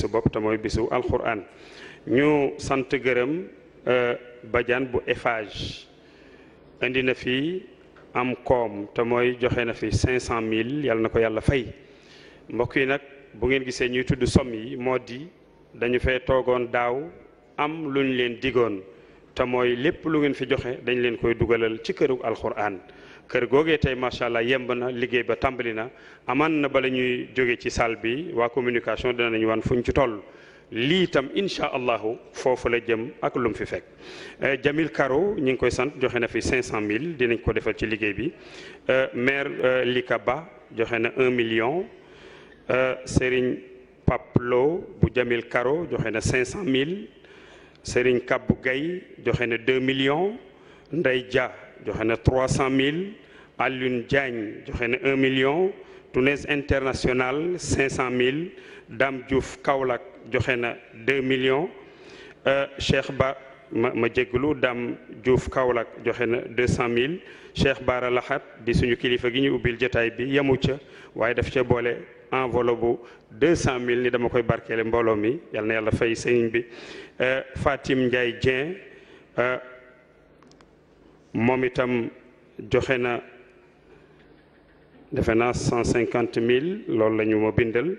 bisu bopp te mooy bisu alxuraan ñu sant gërëm euh, bajaan bu Eiffage indi na fi am koom te mooy joxe na fi cinq cent mille yàlla na ko yàlla fay mbokk yi nag bu ngeen gisee ñuy tudd somm yi moo di dañu fee toogoon daaw am lu leen digoon te mooy lépp lu ngeen fi joxe dañ leen koy dugalal ci këru alxuraan kër googee tey macha allah yemb na liggéey ba tàmbali na amaan na bala ñuy jóge ci salle bi waa communication danañu wan fuñ ci toll lii itam incha allahu foofu la jëm ak lu fi fekk eh, Jamil Karo ñu ngi koy sant joxe na fi 500000 dinañ ko defal ci liggéey bi eh, maire eh, Lika Ba joxe na 1 million Serigne Paplo bu Jamil Karo joxe na 500000 Serigne Kabou Gaye joxe na 2 millions Ndey Dia. joxe na trois cent mille Alioune Diagne joxe na un million Tounes International cinq cent mille Dame Diouf Kaolack joxe na deux millions euh, Cheikh Ba ma ma jégalu Dame Diouf Kaolack joxe na deux cent mille Cheikh Bara Lahat di suñu kilifa gi ñu ubbil jataay bi yemu ca waaye daf ca boole enveloppe bu deux cent mille ni dama koy barkeele mbooloo mi yal na yàlla fay sëriñ bi euh, Fatim Ndiaye Dieng. Euh, moom itam joxe na defe na cent cinquante mille loolu la ñu ma bindal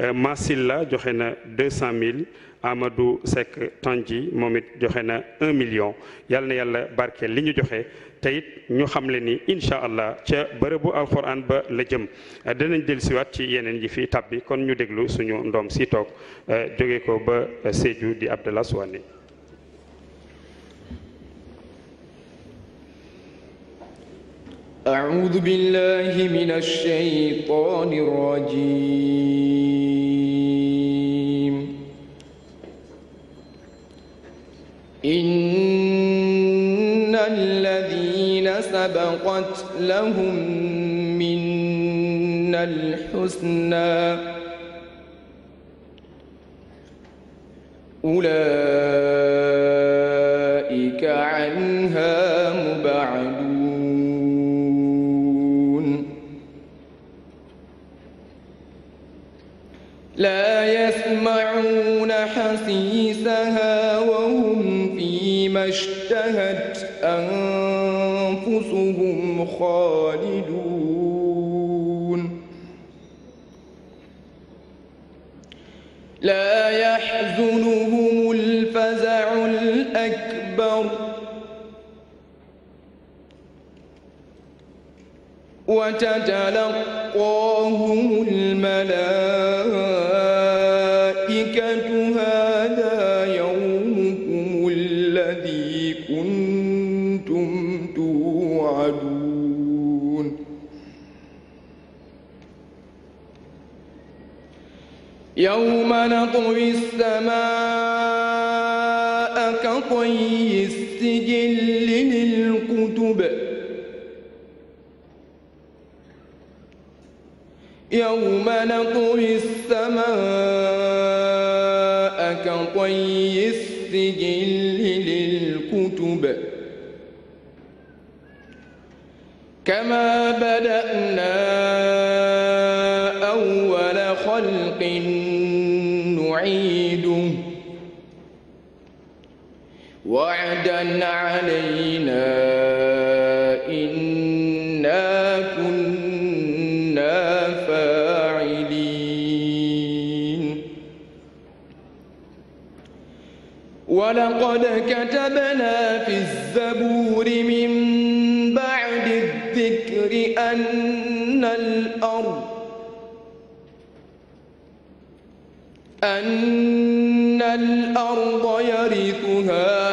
euh, Masilla joxe na deux cent mille Amadou Seck Tanji moom it joxe na un million yàlla na yàlla barke li ñu joxe te ñu xam le ni incha allah ca bërëbu alquran ba la jëm euh, danañ dellusiwaat ci yeneen yi fii tab bi kon ñu déglu suñu ndoom si toog euh, jóge ko ba Sédhiou di Abdallah Souané أعوذ بالله من الشيطان الرجيم إن الذين سبقت لهم منا الحسنى أولئك لا يسمعون حسيسها وهم فيما اشتهت أنفسهم خالدون لا يحزنهم وتتلقاهم الملائكة هذا يومكم الذي كنتم توعدون يوم نطوي السماء كطي السجل للكتب يوم نطوي السماء كطي السجل للكتب كما بدأنا أول خلق نعيده وعدا علينا إن ولقد كتبنا في الزبور من بعد الذكر أن الأرض أن الأرض يرثها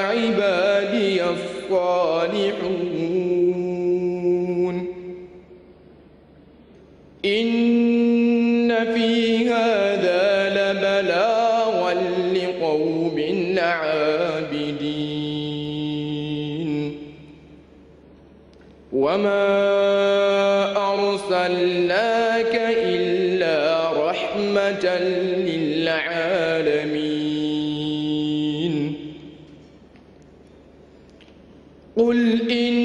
وما أرسلناك إلا رحمة للعالمين قل إن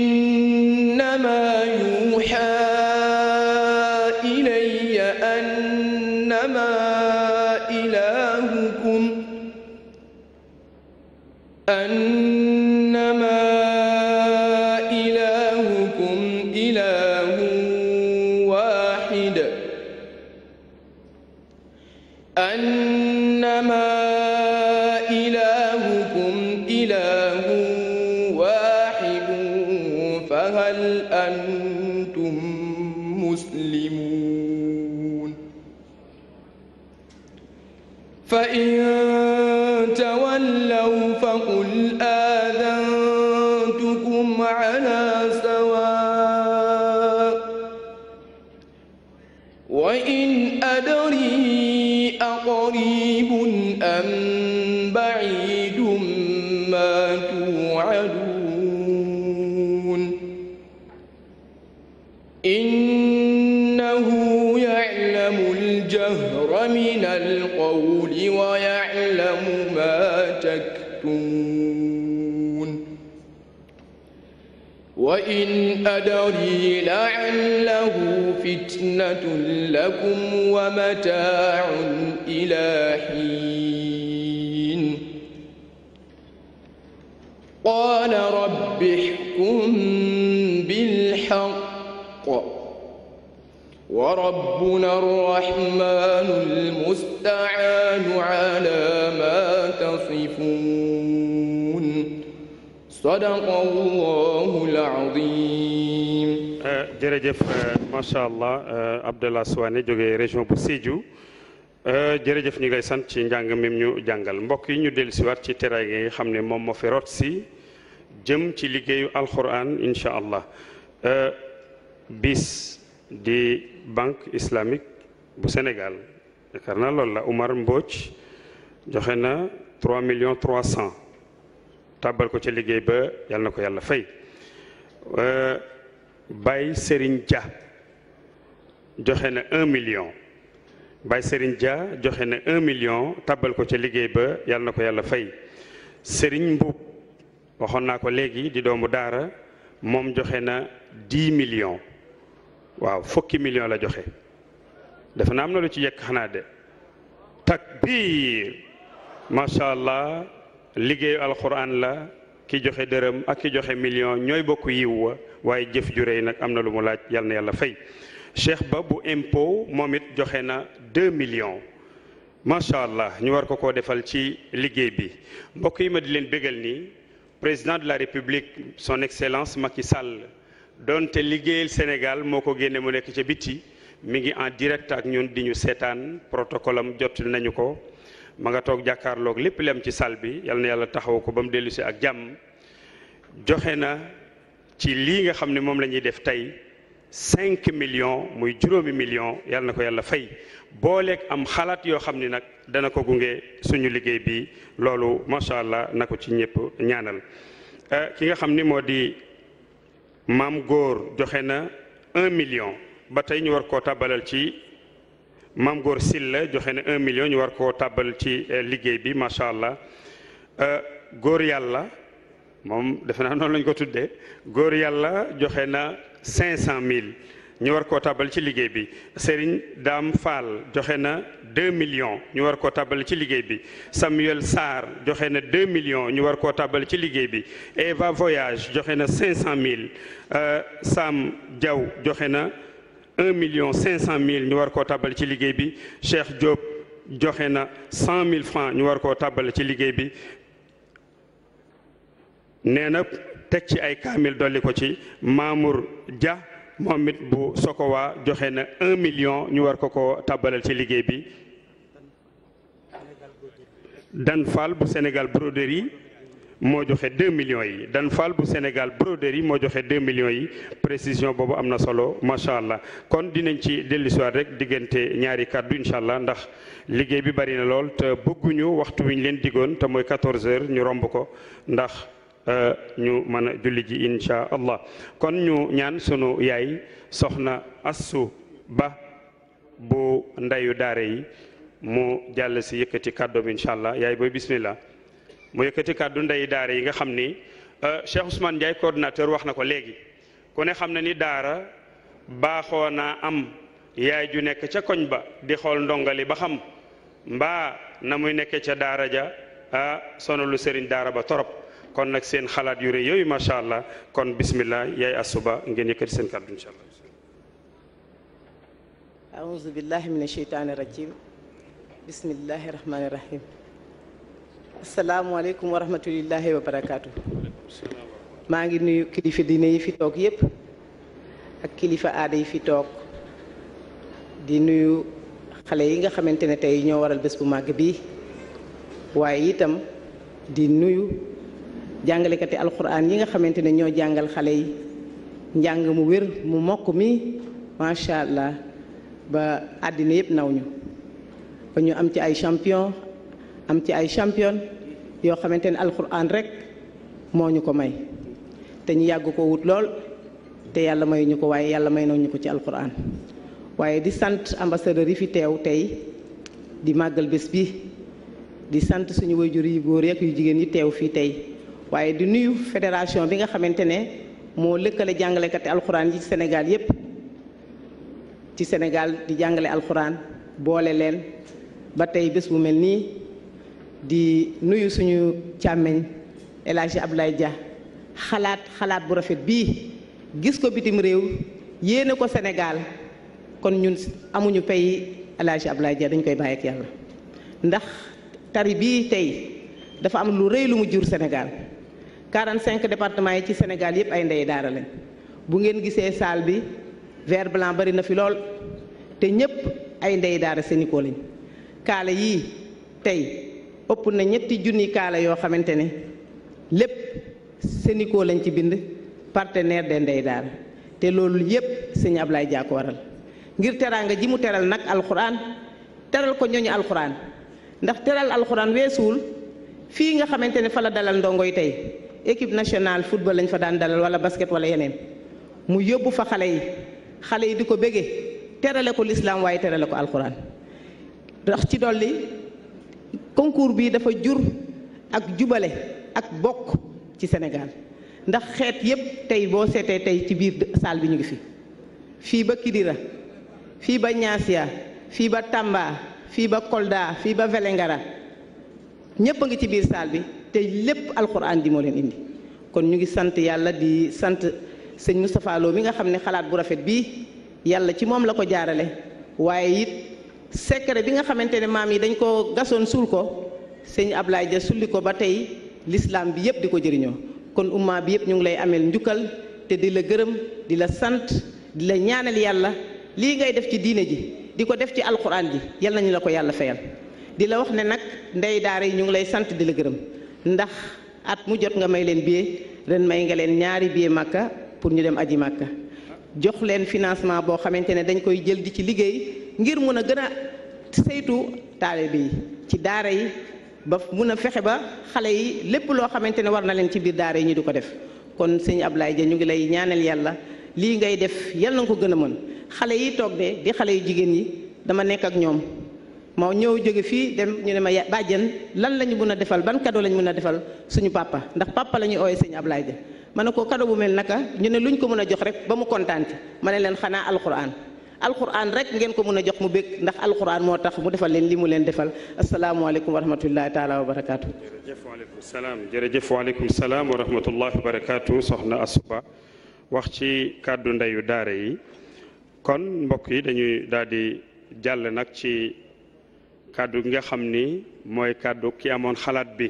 قريب أم بعيد ما توعدون إنه يعلم الجهر من القول ويعلم ما تكتمون وإن أدري لعله فتنة لكم ومتاع إلى حين قال رب احكم بالحق وربنا الرحمن المستعان على ما تصفون sadaqallahul aziim euh, euh, macha allah euh, Abdallah Souane jóge région bu Sédhiou jërëjëf ñu ngi sant ci njàng mi ñu jàngal mbokk yi ñu dellusiwaat ci teraanga yi xam ne moom moo fi rot si jëm ci liggéeyu alquran incha allah bis di banque islamique bu Sénégal yaakaar naa loolu la Umar Mbodj joxe na 3 millions 300. tàbbal ko ci liggéey ba yàlla na ko yàlla fay euh, Baye sëriñ Dia joxe na un million Baye Serigne ja joxe na un million tàbbal ko ca liggéey ba yàlla na ko yàlla fay Serigne Mbuub waxoon naa ko léegi di doomu daara moom joxe na dix millions waaw fukki million la joxe dafa na am na lu ci yekk xanaa de takbiir macha allah liggéeyu alxuraan la ki joxe dërëm ak ki joxe million ñooy bokk yiw wa waaye jëf ju rëy nag am na lu mu laaj yal yàlla fay cheikh ba bu impôt moom it joxe na 2 millions macha allah ñu war ko koo defal ci liggéey bi mbokk yi ma di leen bégal ni président de la république son excellence Macky Sall donte liggéeyal Sénégal moo ko génne mu nekk ca biti mi ngi en direct ak ñun di ñu seetaan protocole am jot nañu ko ma nga toog jàkkaarloog lépp lem ci sal bi yal na yàlla taxaw ko ba mu dellu ak jàmm joxe na ci lii nga xam ne moom la ñuy def tey cinq millions muy juróomi millions yal na ko yàlla fay booleeg am xalaat yoo xam ni nag dana ko gunge suñu liggéey bi loolu macha allah na ko ci ñëpp ñaanal euh, ki nga xam ni moo di maam góor joxe na million ba tey ñu war koo tabalal ci Maam Góor Silla joxe na un million ñu war koo tàbbal ci euh, liggéey bi macha allah euh, góor yàlla moom defe naa noonu lañ ko tuddee góor yàlla joxe na cinq cent mille ñu war koo tàbbal ci liggéey bi Serigne Dame Fall joxe na deux millions ñu war koo ci liggéey bi Samuel Sarr joxe na deux millions ñu war ko tàbbal ci liggéey bi Eva Voyage joxe na cinq cent mille euh, Sam Diaw joxe na un million cinq cent mille ñu war koo tàbbal ci liggéey bi Cheikh Diop joxe na cent mille francs ñu war koo tàbbal ci liggéey bi nee na teg ci ay kaamil dolli ko ci Mamour Dia moom it bu Sokowa joxe na un million ñu war ko ko tàbbalal ci liggéey bi Dan Fall bu Sénégal broderie moo joxe 2 millions yi Dan Fall bu Sénégal yi moo joxe 2 millions yi précision boobu am na solo macha allah kon dinañ ci dellusiwaat rek diggante ñaari kàddu incha allah ndax liggéey bi bari na lool te bëgguñu waxtu wi ñu leen diggoon te mooy 14 heures ñu romb ko ndax euh, ñu mën a julli ji incha allah kon ñu ñaan sunu yaay soxna Assu Ba bu ndeyu daare yi mu jàll si yëkkati kàddoom incha allah yaay booy bismillah mu yëkkati kàddu ndey daara yi nga xam ni euh, Cheikh Ousmane Ndiaye coordinateur wax na ko léegi ku ne xam na ni daara baaxoo naa am yaay ju nekk ca koñ ba di xool ndongali ba xam mbaa na muy nekke ca daara ja ah lu sëriñ daara ba torop kon nag seen xalaat yu rëy yooyu macha allah kon bismillah yaay asuba ngeen yëkkati seen kàddu incha allah. aouzu billahi min asalaamualeykum wa rahmatulillahi wa barakaatu. maa ngi nuyu kilifa diine yi fi toog yépp ak kilifa aada yi fi toog di nuyu xale yi nga xamante ne tey ñoo waral bés bu màgg bi waaye itam di nuyu jàngalekati alxuraan yi nga xamante ne ñoo jàngal xale yi njàng mu wér mu mokk mi macha allah ba àddina yépp naw ñu ba ñu am ci ay champion am ci ay champion yoo xamante ne alxuraan rek moo ñu ko may te ñu yàgg ko wut lool te yàlla may ñu ko waaye yàlla may na ñu ko ci alxuraan waaye di sant ambassadeur yi fi teew tey di màggal bés bi di sant suñu wayjur yu góor ak yu jigéen yi teew fii tey waaye di nuyu fédération bi nga xamante ne moo lëkkale jàngalekati alxuraan yi ci senegal yépp ci Sénégal di jàngale alxuraan boole leen ba tey bés bu mel nii di nuyu suñu càmmeñ El Hadji Abdoulaye Dia xalaat xalaat bu rafet bii gis ko bitim réew yéene ko Sénégal kon ñun amuñu pay El Hadji Abdoulaye Dia dañ koy bàyyi ak yàlla ndax tari bii tey dafa am lu rëy lu mu jur Sénégal 45 départements yi ci Sénégal yépp ay ndey daara lañ bu ngeen gisee salle bi vert blanc bari na fi lool te ñépp ay ndey daara seeni ko kaala yii tey ëpp na ñetti junni kaala yoo xamante ne lépp Sénico lañ ci bind partenaire de Ndeye Daara te loolu yépp sëñ Ablaye Dia ko waral ngir teraanga ji mu teral nag alxuraan teral ko ñooñu alxuraan ndax teral alxuraan weesuwul fii nga xamante ne fa la dalal ndongo yi tey équipe nationale football lañ fa daan dalal wala basket wala yeneen mu yóbbu fa xale yi xale yi di ko bëggee terale ko lislaam waaye terale ko alxuraan ndax ci dolli concours bii dafa jur ak jubale ak bokk ci Sénégal ndax xeet yépp tey boo seetee tey ci biir salle bi ñu ngi fi fii ba Kidira fii ba Niassia fii ba Tamba fii ba Kolda fii ba Vélingara ñépp a ngi ci biir salle bi te lépp alxuraan di moo leen indi kon ñu ngi sant yàlla di sant sëñ Moustapha Lo mi nga xam ne xalaat bu rafet bii yàlla ci moom la ko jaarale waaye it secret bi nga xamante ne maam yi dañ ko gasoon suul ko sëñ Ablaye Dia sulli ko ba tey lislaam bi yëpp di ko jëriñoo kon umma bi yëpp ñu ngi lay ameel njukkal te di la gërëm di la sant di la ñaanal yàlla lii ngay def ci diine ji di ko def ci alquran ji yal nañu la ko yàlla fayal di la wax ne nag ndey daar yi ñu ngi lay sant di la gërëm ndax at mu jot nga may leen billet ren may nga leen ñaari billet màkka pour ñu dem aji màkka jox leen financement boo xamante ne dañ koy jël di ci liggéey ngir mun a gën a saytu taalibe yi ci daara yi ba mun a fexe ba xale yi lépp loo xamante ne war na leen ci biir daara yi ñu du ko def kon sëñ Ablaye Dia ñu ngi lay ñaanal yàlla lii ngay def yal na nga ko gën a mën xale yi toog de di xale yu jigéen yi dama nekk ak ñoom ma ñëw jóge fii dem ñu ne ma bàjjan lan la ñu mën a defal ban cadeau lañu mën a defal suñu pàppa ndax papa la ñuy ooyee sëñ Ablaye Dia ma ne ko cadeau bu mel naka ñu ne lu luñ ko mën a jox rek ba mu kontaan ma ne leen xanaa alquran alquran rek ngeen ko mën a jox mu bëgg ndax alquran moo tax mu defal leen li mu leen defal asalaamaaleykum wa rahmatullahi taala wa barakaatu. jërëjëf waaleykum salaam jërëjëf waaleykum salaam wa rahmatullahi wa barakaatu soxna Asuba wax ci kàddu ndeyu daara yi kon mbokk yi dañuy daal jàll nag ci kàddu gi nga xam ni mooy kàddu ki amoon xalaat bi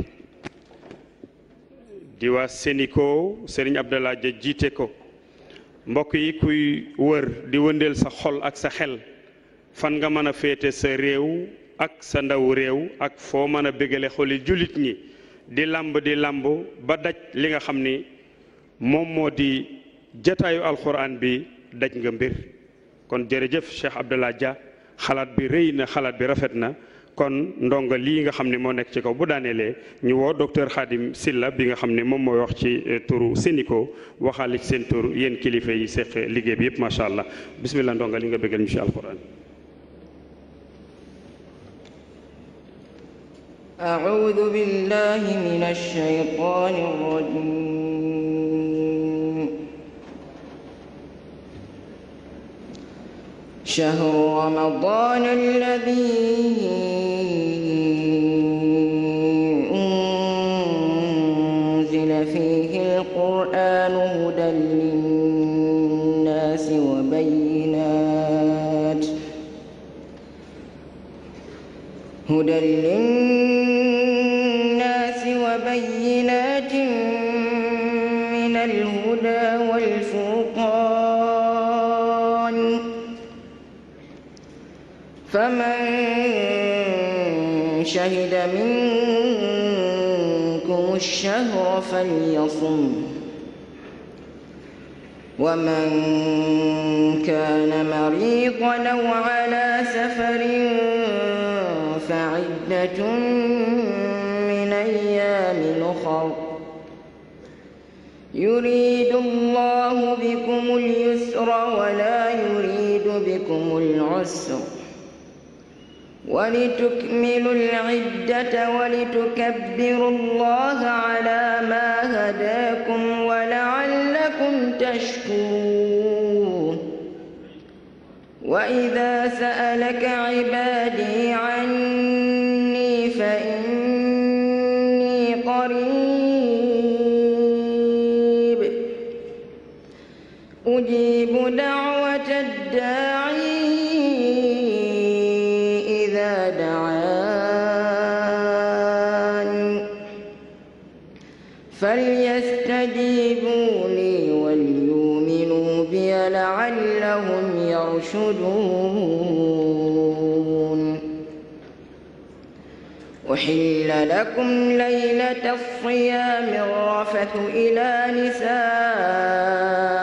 di waa Sénico Serigne Abdallah jiite ko. mbokk yi kuy wër di wëndeel sa xol ak sa xel fan nga mën a féete sa réew ak sa ndaw réew ak foo mën a bégale xoli jullit ñi di làmb di làmb ba daj li nga xam ni moom moo di jataayu alxuraan bi daj nga mbir kon jërëjëf Cheikh Abdallah Dia xalaat bi rëy na xalaat bi rafet na kon ndongo lii nga xam ne moo nekk ci kaw bu daaneelee ñu woo docteur Khadim Silla bi nga xam ne moom mooy wax ci eh, turu Sénico waxaale ci seen tur yéen kilifa yi seq liggéey bi yëpp macha allah bisimilah ndongo li nga bëggal ñu ci alquran. أعوذ بالله شهر رمضان الذي أنزل فيه القرآن هدى للناس وبينات هدى للناس وبينات من الهدى والفرقان فمن شهد منكم الشهر فليصم ومن كان مريضا او على سفر فعدة من أيام أخر يريد الله بكم اليسر ولا يريد بكم العسر ولتكملوا العدة ولتكبروا الله على ما هداكم ولعلكم تشكرون وإذا سألك عبادي فليستجيبوا لي وليؤمنوا بي لعلهم يرشدون أحل لكم ليلة الصيام الرفث إلى نسائكم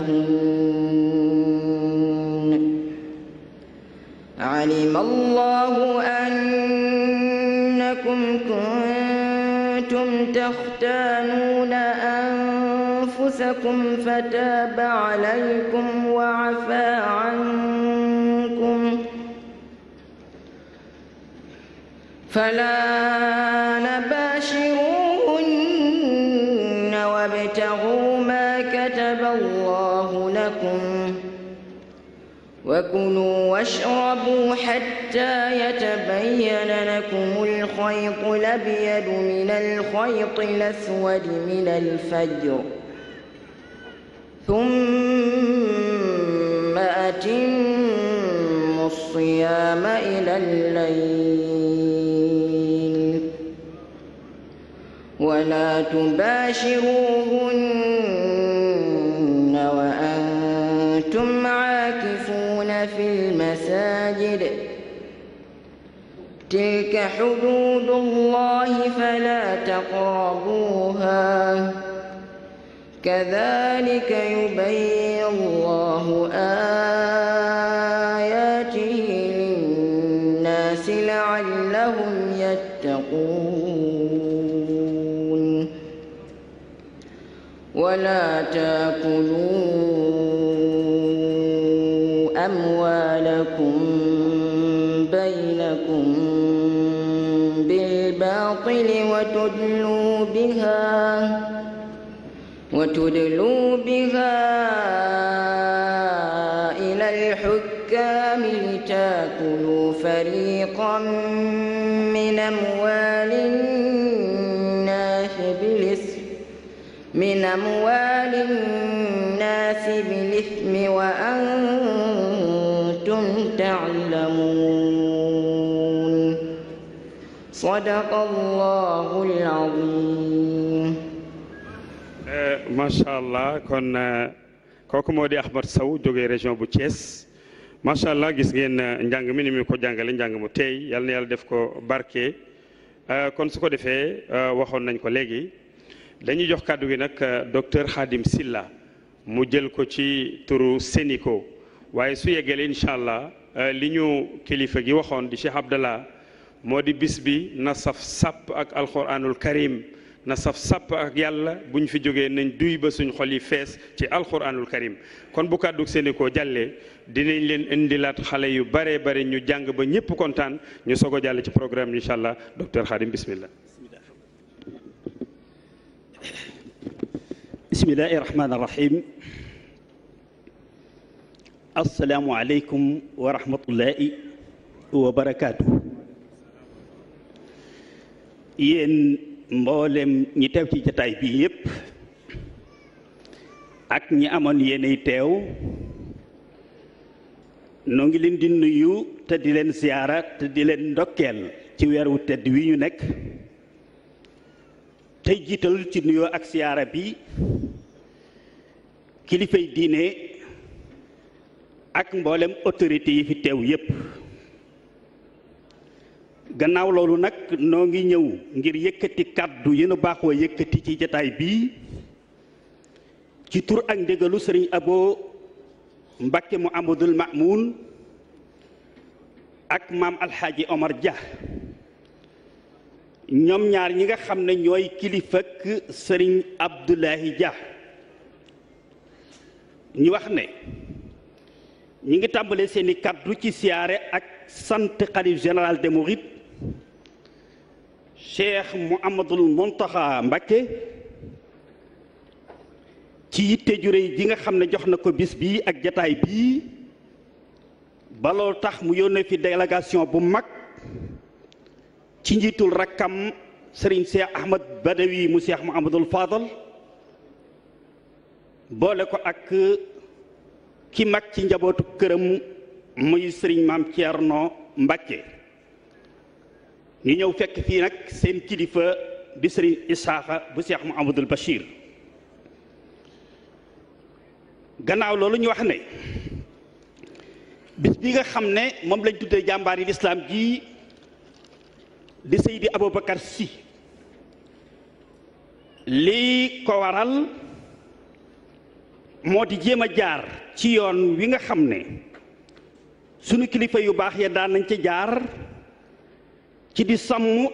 يعلمون علم الله أنكم كنتم تختانون أنفسكم فتاب عليكم وعفى عنكم فلا نبأ وكلوا واشربوا حتى يتبين لكم الخيط الأبيض من الخيط الأسود من الفجر ثم أتموا الصيام إلى الليل ولا تباشروهن المساجد تلك حدود الله فلا تقربوها كذلك يبين الله آياته للناس لعلهم يتقون ولا تاكلون وتدلوا بها وتدلوا بها إلى الحكام لتاكلوا فريقا من أموال الناس بالإثم من أموال الناس بالإثم وأنتم تعلمون sadaqallaahu al eh, macha allah kon eh, kooku moo di Ahmad saw jógee région bu Thiès macha allah gis ngeen eh, njàng mi ni mu ko jàngale njàng mu tey yal na yàlla def ko barke kon su ko defee waxoon nañ ko léegi dañuy jox kàddu gi nag docteur Khadim Silla mu jël ko ci turu Sénico waaye su yeggale incha allah li ñu kilifa gi waxoon di Cheikh Abdallah moo di bis bi na saf sàpp ak alxuraanul karim na saf sàpp ak yàlla bu ñu fi jógee nañ duy ba suñ xol yi fees ci alxuraanul karim kon bu kàddu Senego jàllee dinañ leen indilaat xale yu bare bare ñu jàng ba ñëpp kontaan ñu soog a jàll ci programme incha allah docteur Khadim bismillah bismillahi rahmaani rahim asalaamu aleykum yéen mboolem ñi teew ci jataay bii yépp ak ñi amoon yéenay teew noo ngi leen di nuyu te di leen siyaara te di leen ndokkeel ci weer wu tedd wi ñu nekk tey jiital ci nuyoo ak siyaara bi kilifay diine ak mboolem autorité yi fi teew yépp gannaaw loolu nag noo ngi ñëw ngir yëkkati kàddu yi baaxoo yëkkati ci jataay bii ci tur ak ndégalu sëriñ Abo Mbàkke Muhammadul Maamun ak maam Alxaaji Omar Dia ñoom ñaar ñi nga xam ne ñooy kilifak sëriñ Abdoulahi Dia ñu wax ne ñu ngi tàmbalee seeni kàddu ci siyaare ak sant xalif général des mourides cheikh Mouhamadul Mountakha Mbacké ci yitte ju réy ji nga xam ne jox na ko bis bii ak jataay bii baloo tax mu yónnee fi délégation bu mag ci njiitul rakkam sëriñ Cheikh Ahmad Badawi mu Cheikh Mouhamadul Fadal boole ko ak ki mag ci njabootu këram muy sëriñ maam Thierno Mbacké ñu ñëw fekk fii nag seen kilifa di sëriñ Isaaxa bu seex Mouhamadul Bachir gannaaw loolu ñu wax ne bis bi nga xam ne moom lañ tuddee jàmbaar yi lislaam jii di Seydi Aboubacar Sy lii ko waral moo di jéem a jaar ci yoon wi nga xam ne sunu kilifa yu baax ya daan nañ ca jaar ci di sàmm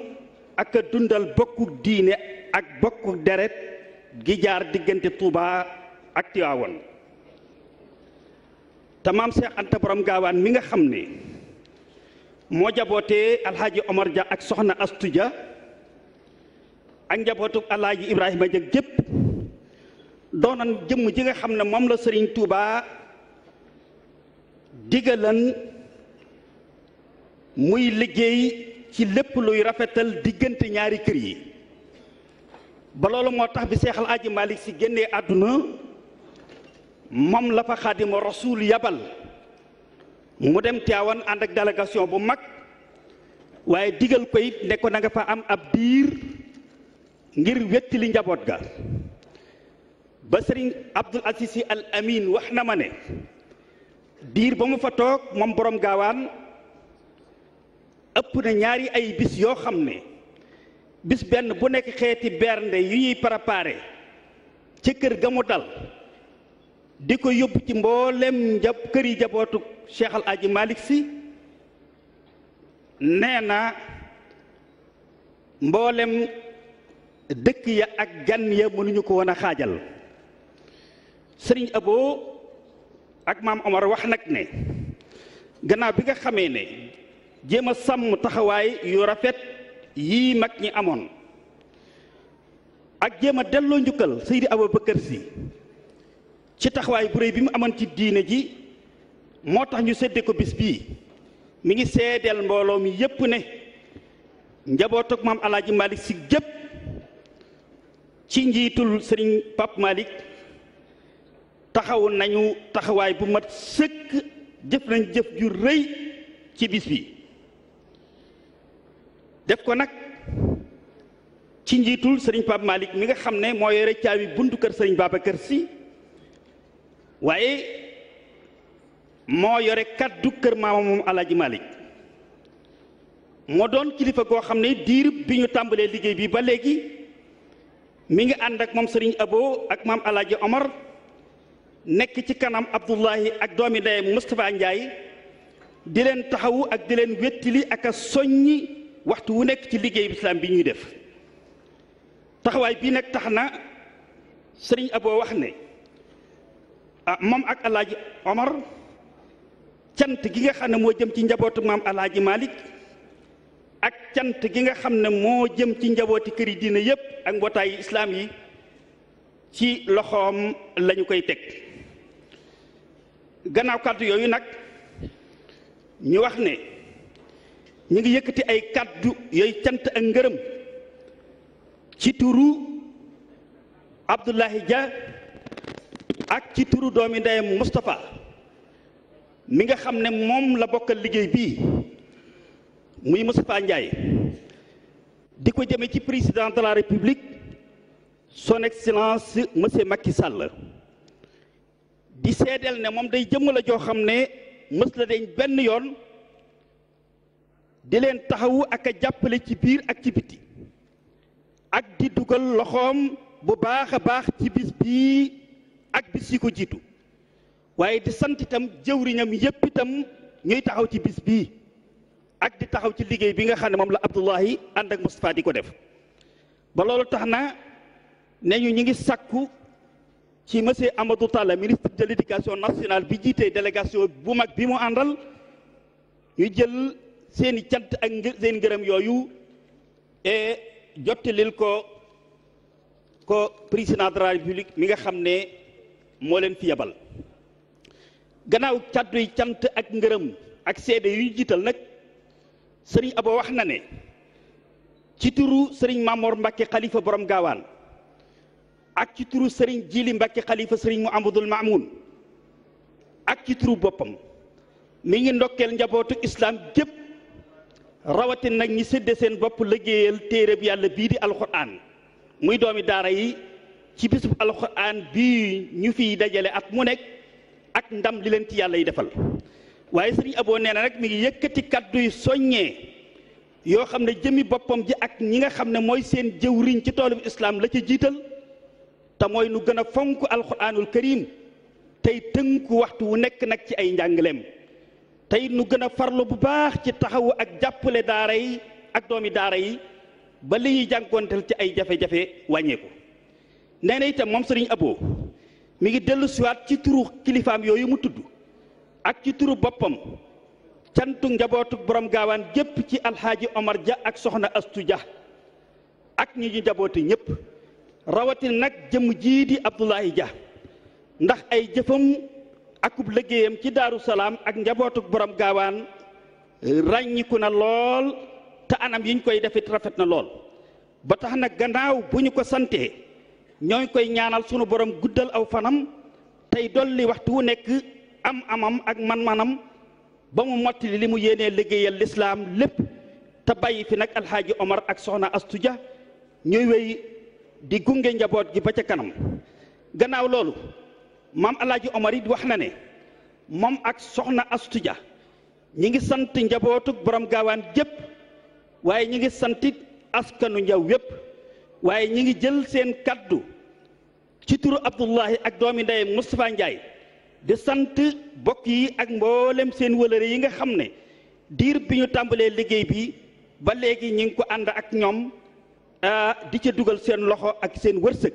ak a dundal bokku diine ak bokku deret gi jaar diggante Touba ak Tiwaawan te maam Cheikh Anta Borom gaawaan mi nga xam ne moo jabootee alxaaji Omar ja ak soxna Astu Dia ak njabootu alxaaji Ibrahima Dia gépp doonan jëmm ji nga xam ne moom la Sëriñ Touba digalan muy liggéey ci lépp luy rafetal diggante ñaari kër yi ba loolu moo tax bi Seex al Aji Malik Si génnee àdduna moom la fa Xaadima Rasuul yabal mu dem Tiwaawan ànd ak délégation bu mag waaye digal ko it ne na nga fa am ab diir ngir wettali njaboot ga ba sëriñ Abdul Asiis Al Amin wax na ma ne diir ba mu fa toog moom borom gaawaan ëpp na ñaari ay bis yoo xam ne bis benn bu nekk xeeti bernde yu ñuy préparé ci kër ga mu dal di ko yóbbu ci mboolem ja kër yi jabootu Cheikh aji malik si Sy nee na mboolem dëkk ya ak gan ya mënuñu ko woon a xaajal sëriñ Abo ak maam Omar wax nag ne gannaaw bi nga xamee ne jéem a sàmm taxawaay yu rafet yii mag ñi amoon ak jéem a delloo njukkal Seydi Ababacar Sy ci taxawaay bu bi mu amoon ci diine ji moo tax ñu séddee ko bis bii mi ngi seedeel mbooloo mi yépp ne njaboot ak maam Alaaji Malick Sy gépp ci njiitul sëriñ Pape Malick taxaw nañu taxawaay bu mat sëkk jëf nañ jëf ju rëy ci bis bi def ko nag ci njiitul sëriñ Pape Malick mi nga xam ne moo yore caabi buntu kër sëriñ kër si waaye moo yore kàddu kër maama moom Alaaji Malick moo doon kilifa goo xam ne diirub bi ñu tàmbalee liggéey bi ba léegi mi ngi ànd ak moom sëriñ Abo ak maam Alaaji Omar nekk ci kanam Abdullahi ak doomi ndeyam Moustapha Ndiaye di leen taxawu ak di leen wéttili ak a waxtu wu nekk ci liggéey islam bi ñuy def taxawaay bii nag tax na sëriñ Abo wax ne ah moom ak alaaji Omar cant gi nga xam ne moo jëm ci njabootu maam alaaji Malick ak cant gi nga xam ne moo jëm ci njabooti këri diine yépp ak mbootaayu islaam yi ci loxoom lañu koy teg gannaaw kàddu yooyu nag ñu wax ne ñu ngi yëkkati ay kàddu yooyu cant ak ngërëm ci turu Abdoulahi ja ak ci turu doomi ndeyam Moustapha mi nga xam ne moom la bokkal liggéey bi muy Moustapha Ndiaye di ko jëme ci président de la république son excellence monsieur Macky Sall di seedeel ne moom day jëmm joo xam ne mës la deñ benn yoon di leen taxawu ak a jàppale ci biir ak ci biti ak di dugal loxoom bu baax a baax ci bis bii ak bis ko jiitu waaye di sant itam jëwriñam yépp itam ñuy taxaw ci bis bii ak di taxaw ci liggéey bi nga xam ne moom la Abdullahi ànd ak Moustapha di ko def ba loolu tax na ne ñu ñu ngi sàkku ci monsieur Amadou Talla ministre de l' éducation nationale bi jiitee délégation bu mag bi mu àndal ñu jël seeni cant ak seen yooyu e jottalil ko ko président de la république mi nga xam ne moo leen fi yabal gannaaw kàddu yi cant ak ngërëm ak seede yuy jiital nag sëriñ Abo wax na ne ci turu sëriñ Mamor Mbacke xalifa borom gaawaan ak ci turu sëriñ Jili mbakki xalifa sëriñ Muhammadul Maamun ak ci turu boppam mi ngi ndokkeel njabootu islam gépp rawatin nag ñi sédde seen bopp liggéeyal téereb yàlla bii di alxuraan muy doomi daara yi ci bisub alxuraan bii ñu fiy dajale at mu nekk ak ndam li leen ci yàlla yi defal waaye sëriñ aboo nee na nag mi ngi yëkkati kàddu yu soññee yoo xam ne jëmmi boppam ji ak ñi nga xam ne mooy seen jëw riñ ci toolu islaam la ca jiital te mooy nu gën a fonk alxuraanul karim tey tënku waxtu wu nekk nag ci ay njàngaleem tey nu gën a farlu bu baax ci taxawu ak jàppale daara yi ak doomi daara yi ba li ñuy jànkonteel ci ay jafe-jafe wàññeeku nee na itam moom sëriñ Abo mu ngi dellu siwaat ci turu kilifaam yooyu mu tudd ak ci turu boppam cantu njabootu borom gaawaan gépp ci alxaaji Omar Ja ak soxna Astu Ja ak ñi ñu njabooti ñëpp rawatin nag jëm jii di Abdoulahi Ja ndax ay jëfam akub liggéeyam ci daaru salaam ak njabootuk borom gaawaan ràññiku na lool te anam yiñ koy defit rafet na lool ba tax na gannaaw bu ñu ko santee ñoo ngi koy ñaanal sunu borom guddal aw fanam tey dolli waxtu wu nekk am amam ak man-manam ba mu motti li mu yéenee liggéeyal lislaam lépp te bàyyi fi nag alxaaji omar ak soxna astuja ñuy wéy di gunge njaboot gi ba ca kanam gannaaw loolu maam alaaji omar it wax na ne moom ak soxna Astu Ja ñi ngi sant njabootug borom gaawaan gépp waaye ñi ngi santit askanu njaw yépp waaye ñi ngi jël seen kàddu ci turu abdullahi ak doomi ndeyam Moustapha Ndiaye di sant bokk yi ak mboolem seen wëlëre yi nga xam ne diir bi ñu tàmbalee liggéey bi ba léegi ñi ngi ko ànd ak ñoom ah, di ci dugal seen loxo ak seen wërsëg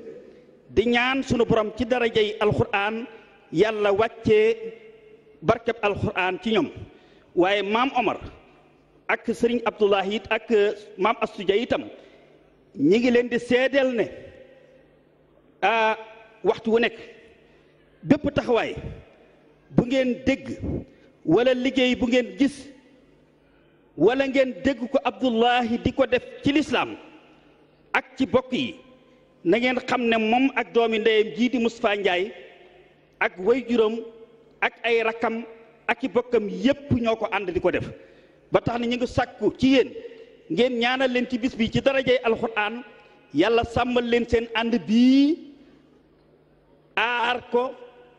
di ñaan sunu borom ci darajay alxuraan yàlla wàccee barkeb alxuraan ci ñoom waaye maam Omar ak sëriñ Abdoulahi it ak maam Astuja itam ñi ngi leen di seedeel ne ah waxtu wu nekk bépp taxawaay bu ngeen dégg wala liggéey bu ngeen gis wala ngeen dégg ko Abdoulahi di ko def ci lislaam ak ci bokk yi. na ngeen xam ne moom ak doomi ndeyam jii di Moustapha Ndiaye ak way juróom ak ay rakkam ak i bokkam yépp ñoo ko ànd di ko def ba tax na ñu ngi sàkku ci yéen ngeen ñaanal leen ci bis bi ci darajay alxuraan yàlla sàmmal leen seen ànd bii aar ko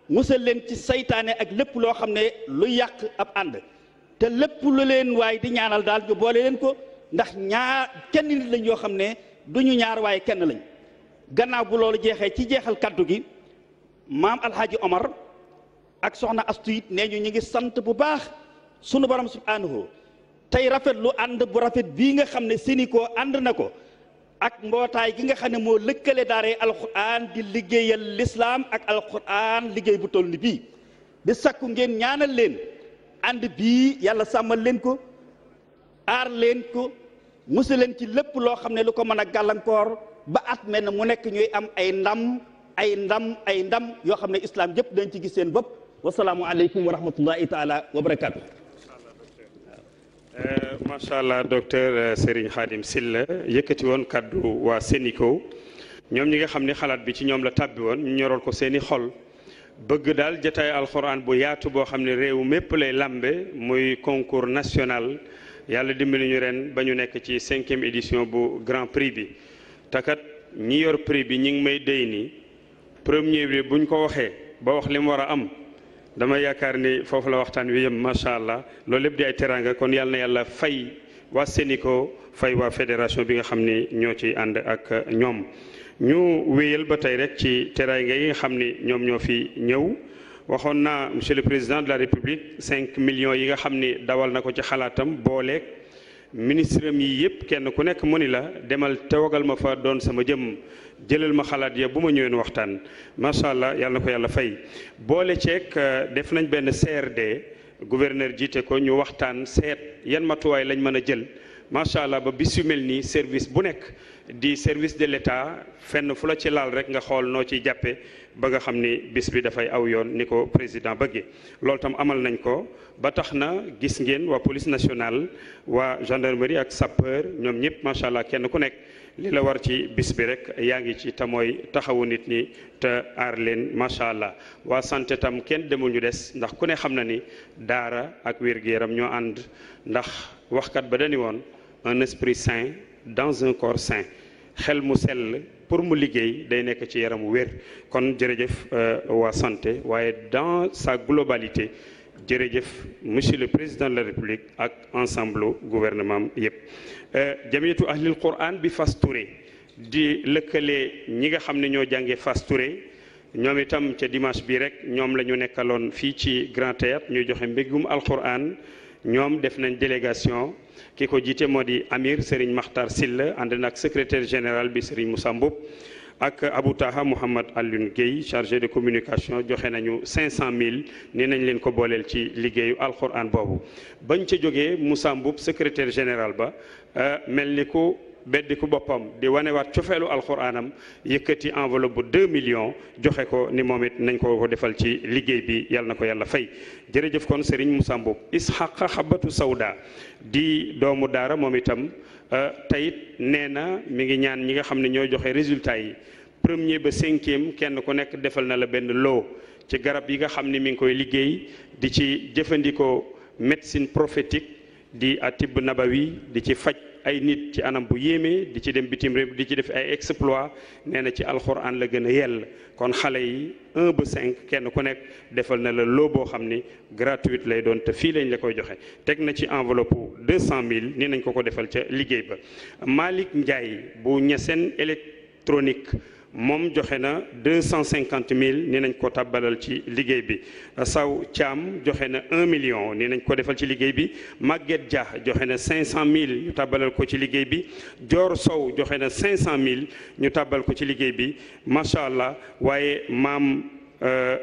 musal leen ci seytaane ak lépp loo xam ne lu yàq ab ànd te lépp lu leen waaye di ñaanal daal ñu boole leen ko ndax ñaar kenn nit lañ yoo xam ne du ñu ñaar waaye kenn lañ gannaaw bu loolu jeexee ci jeexal kàddu gi maam alxaaji omar ak soxna astu it nee ñu ñu ngi sant bu baax sunu borom subhaanahu tey rafet lu ànd bu rafet bii nga xam ne Sénikoo ànd na ko ak mbootaay gi nga xam ne moo lëkkale daaree alquran di liggéeyal lislaam ak alquran liggéey bu toll ni bii di sakku ngeen ñaanal leen ànd bii yàlla sàmmal leen ko aar leen ko musu leen ci lépp loo xam ne lu ko mën a gàllankoor ba at mel na mu nekk ñuy am ay ndam ay ndam ay ndam yoo xam ne islaam yëpp dañ ci gis seen bopp wasalaamu aleykum wa rahmatullahi taala wa barakaatu. macha allah docteur euh, Serigne Khadim Sylla yëkkati woon kàddu waa kow ñoom ñi nga xam ne xalaat bi ci ñoom la tàbbi woon ñu ñorool ko seeni xol bëgg daal jataay alxuraan bu yaatu boo xam ne réew mépp lay làmbe muy concours national yàlla dimbali ñu ren ba ñu nekk ci cinquième édition bu grand prix bi. takat ñi yor prix bi ñi ngi may dey nii premier bi buñ ko waxee ba wax li mu war a am dama yaakaar ni foofu la waxtaan wi yem macha allah lool lépp di ay teraanga kon yàlla na yàlla fay waa ko fay waa fédération bi nga xam ni ñoo ci ànd ak ñoom ñu wéyal ba tey rek ci teraanga yi nga xam ni ñoom ñoo fi ñëw waxoon naa monsieur le président de la république cinq millions yi nga xam ni dawal na ko ci xalaatam booleeg ministre am yi yëpp kenn ku nekk mu ni la demal tewagal ma fa doon sama jëm jëlal ma xalaat ya bu ma ñëwee waxtaan macha allah yàlla na ko yàlla fay. boole ceek euh, def nañ benn CRD gouverneur jiite ko ñu waxtaan seet yan matuwaay lañ mën a jël macha allah ba bis yu service bu nekk. di service de l'État fenn fu la ci laal rek nga xool noo ciy jàppe ba nga xam ni bis bi dafay aw yoon ni ko président bëggee loolu tam amal nañ ko ba tax na gis ngeen waa police national waa gendarmerie ak sapeur ñoom ñëpp macha allah kenn ku nekk li la war ci bis bi rek yaa ngi ci te mooy taxawu nit ñi te aar leen macha allah waa santé tam kenn demul ñu des ndax ku ne xam na ni daara ak wér-gu-yaram ñoo ànd ndax waxkat ba dañu woon un esprit sain dans un corps sain xel mu sell pour mu liggéey day nekk ci yaram wér kon jërëjëf euh, waa santé waaye dans sa globalité jërëjëf monsieur le président de la république ak ensemble gouvernement yëpp euh, jamiyatu ahlil quran bi Fass Touré di lëkkalee ñi nga xam ne ñoo jàngee Fass Touré ñoom itam ca dimanche bi rek ñoom la ñu nekkaloon fii ci Grand Théâtre ñuy joxe mbégum alquran ñoom def nañ délégation ki ko jiite moo di Amir Serigne Makhtar Silla ànd na ak général bi Serigne Moussa Mboup ak Abou Taha Mouhamad Alioune Guèye chargé de communication joxe nañu 500000 nee nañ leen ko booleel ci liggéeyu alxuraan boobu bañ ca jógee Moussa Mboup secrétaire général ba euh, mel ni ko beddiku boppam di wanewaat cofeelu alxuraanam yëkkati enveloppe bu 2 millions joxe ko ni moom it nañ ko ko defal ci liggéey bi yàlla na ko yàlla fay jërëjëf kon Serigne Moussa Mboup Isxaqa Xabatu Sawda di doomu daara moom itam euh, tayit nee na mi ngi ñaan ñi nga xam ne ñoo joxe résultat yi premier ba cinquième kenn ku nekk defal na la benn loo ci garab yi nga xam ne mi ngi koy liggéey di ci jëfandikoo médecine prophétique di atib nabawi di ci faj ay nit ci anam bu yéeme di ci dem bitim réew di ci def ay exploit nee na ci alxuraan la gën a yell kon xale yi un ba cinq kenn ku nekk defal na la loo boo xam ni gratuite lay doon te fii lañ la koy joxe teg na ci enveloppe deux cent mille ni nañ ko ko defal ca liggéey ba Malick Ndiaye bu ñeseen électronique moom joxe na deux cent cinquante mille ni nañ ko tàbbalal ci liggéey bi Saw Thiam joxe na un million ni nañ ko defal ci liggéey bi Maguette Dia joxe na cinq cent mille ñu tàbbalal ko ci liggéey bi Dior Sow joxe na cinq cent mille ñu tàbbal ko ci liggéey bi macha allah waaye maam euh,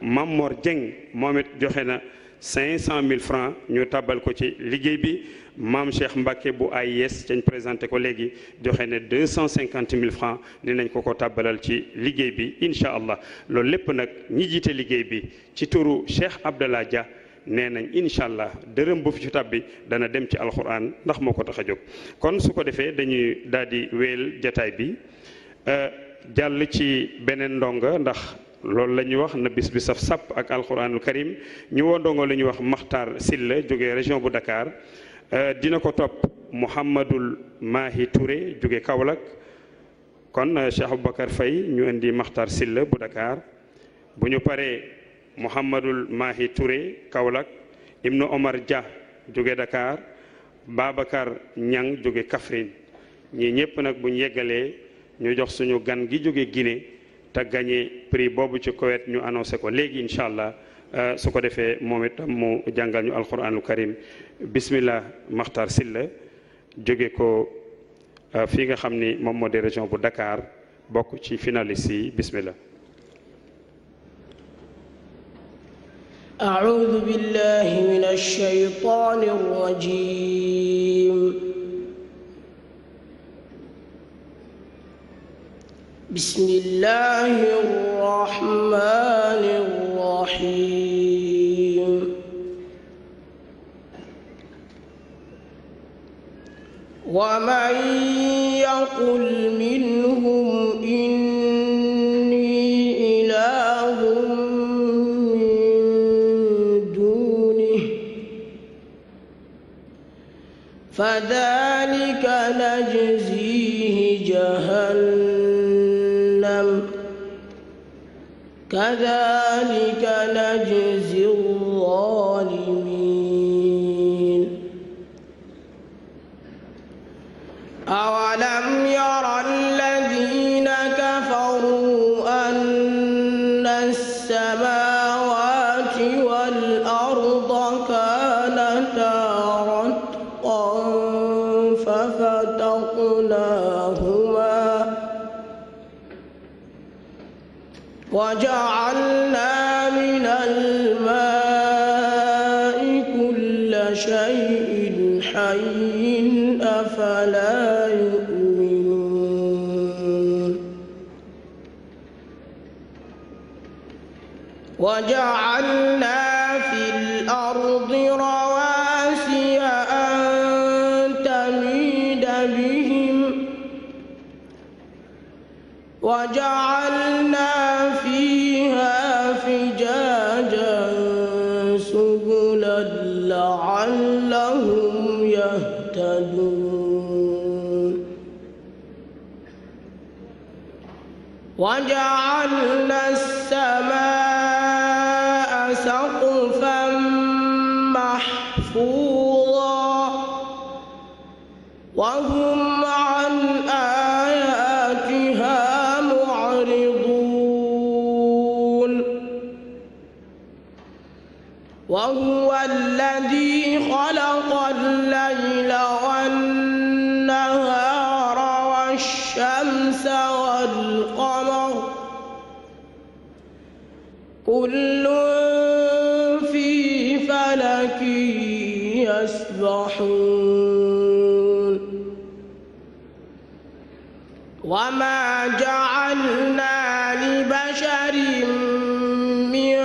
maam Mor Dieng moom joxe na cinq cent mille francs ñu tàbbal ko ci liggéey bi maam Cheikh Mbacke bu ay AIS cañ présenté ko léegi joxe ne deux cent cinquante mille francs dinañ ko ko tàbbalal ci liggéey bi incha allah loolu lépp nag ñi jiite liggéey bi ci turu Cheikh Abdallah Dia nee nañ incha allah dërëm bu fi ci tàbbi dana dem ci alxuraan ndax moo ko tax a jóg kon su ko defee dañuy daal di wéyal jataay bi euh, jàll ci beneen ndonga ndax loolu la ñuy wax na bis bi saf sàpp ak alxuraanul karim ñu woo ndongo la ñuy wax Maxtaar la jógee région bu Dakar Eh, dina ko topp Mouhamadul Mahi Touré jóge Kaolack kon eh, Cheikh Aboubacar Faye ñu indi Makhtar Sylla bu Dakar bu ñu paree Mouhamadul Mahi Touré Kaolack Ibnu Omar Dia jóge Dakar Babacar Ñang jóge Kaffrine ñii ñëpp nag bu yeggalee ñu jox suñu gan gi jóge Guinée te gagné prix boobu ci Koweït ñu annoncé ko léegi incha allah. Euh, su ko defee moom itam mu jàngal ñu alquranul karim bismillah Makhtar Sylla jóge ko euh, fi nga xam ni moom moo di bu Dakar bokk ci finaliste yi bismillah الرحيم ومن يقل منهم إني إله من دونه فذلك نجزيه جهنم kadhalika najzi zaalimiin awalam yara وجعلنا من الماء كل شيء حي أفلا يؤمنون وجعلنا في الأرض رواسي أن تميد بهم وجعلنا وجعلنا كل في فلك يسبحون وما جعلنا لبشر من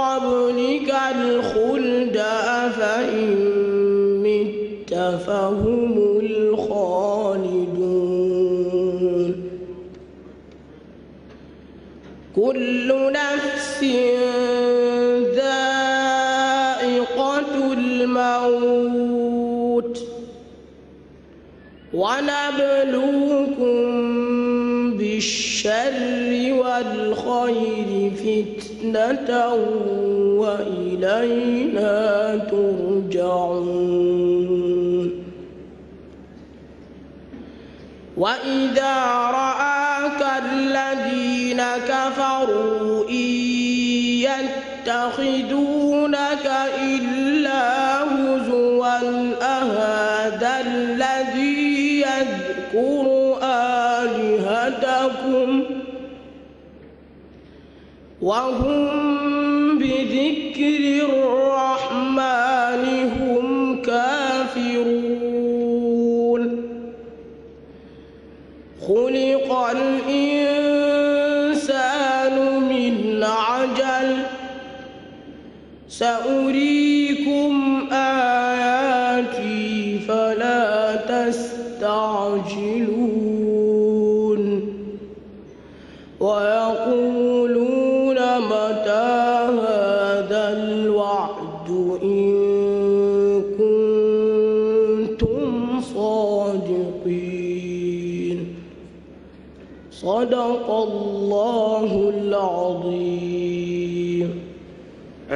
قبلك الخلد أفإن مت فهم كل نفس ذائقة الموت ونبلوكم بالشر والخير فتنة وإلينا ترجعون وإذا رآك الذين كفروا إن يتخذونك إلا هزوا أهذا الذي يذكر آلهتكم وهم بذكر الرحمن هم خلق الإنسان من عجل سأريد sadaqallahul aziim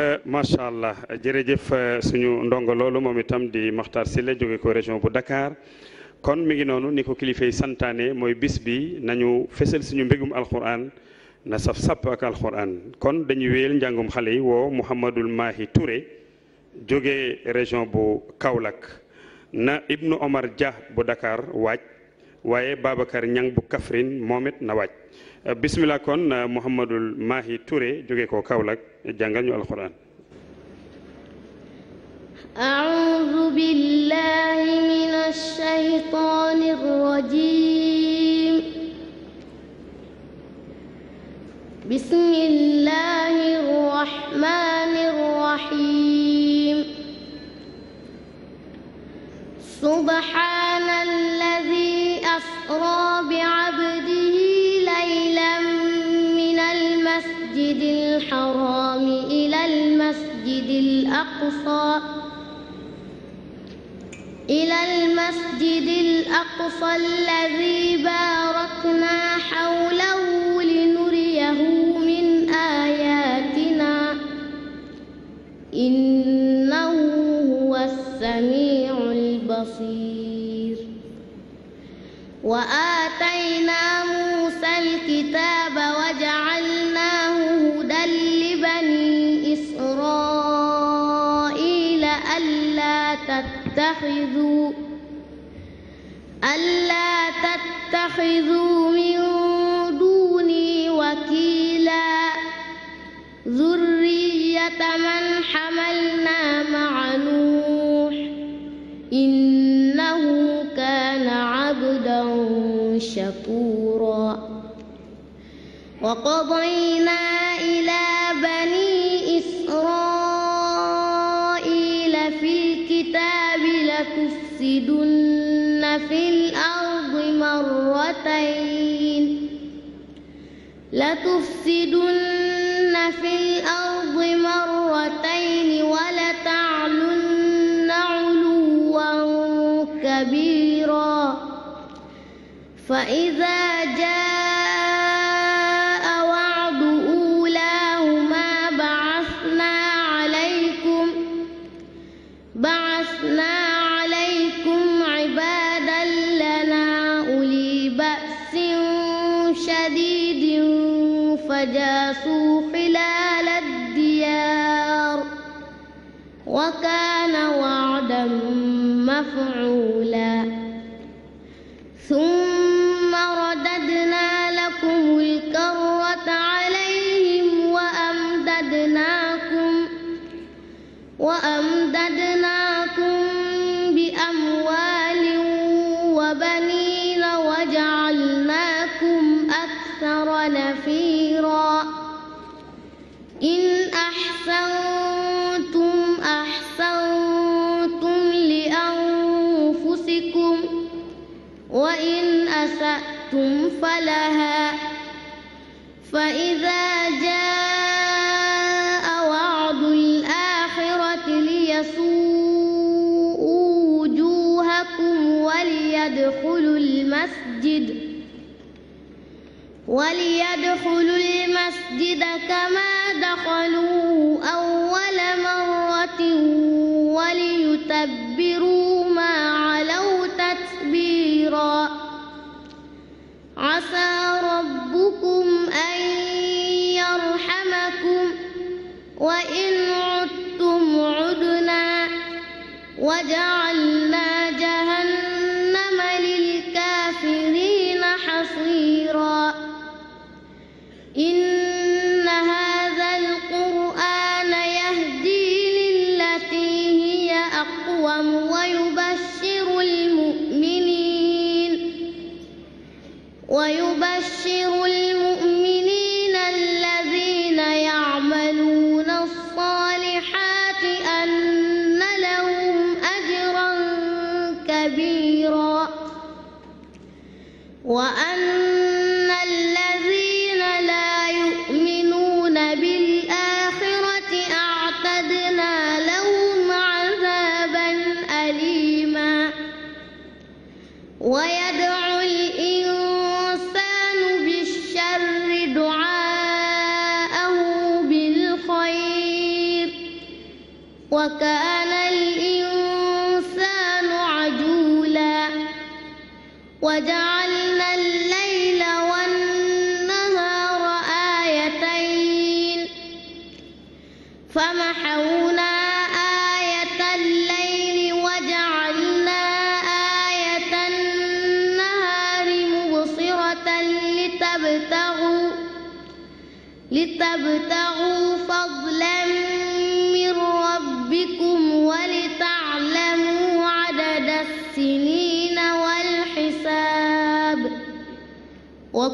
euh, macha allah jërëjëf euh, suñu ndongo loolu moom itam di Makhtar Sylla jóge ko région bu Dakar kon mi ngi noonu ni ko kilifa santaane mooy bis bi nañu fesal suñu mbégum alquran na saf sàpp ak alquran kon dañuy wéyal njàngum xale yi woo Mouhamadul Mahi Touré jóge région bu Kaolack na Ibnu Omar Dia bu Dakar waaj. waaye Babacar Niang bu Kaffrine moom na waaj euh, bismillah kon euh, Mouhamadul Mahi Touré jóge ko Kaolack jàngal ñu alquran أعوذ بالله من الشيطان الرجيم بسم الله الرحمن الرحيم سبحان الذي أسرى بعبده ليلا من المسجد الحرام إلى المسجد الأقصى إلى المسجد الأقصى الذي باركنا حوله لنريه من آياتنا إنه هو السميع بصير وآتينا موسى الكتاب وجعلناه هدى لبني إسرائيل ألا تتخذوا ألا تتخذوا من دوني وكيلا ذرية من حملنا مع إنه كان عبدا شكورا وقضينا إلى بني إسرائيل في الكتاب لتفسدن في الأرض مرتين لتفسدن في الأرض مرتين ولا كبيرا فإذا جاء وعد أولاهما بعثنا عليكم بعثنا عليكم عبادا لنا أولي بأس شديد فجاسوا خلال الديار وكان وعدا مفعولا ثم لها فإذا جاء وعد الآخرة ليسوءوا وجوهكم وليدخلوا المسجد وليدخلوا المسجد كما دخلوه أول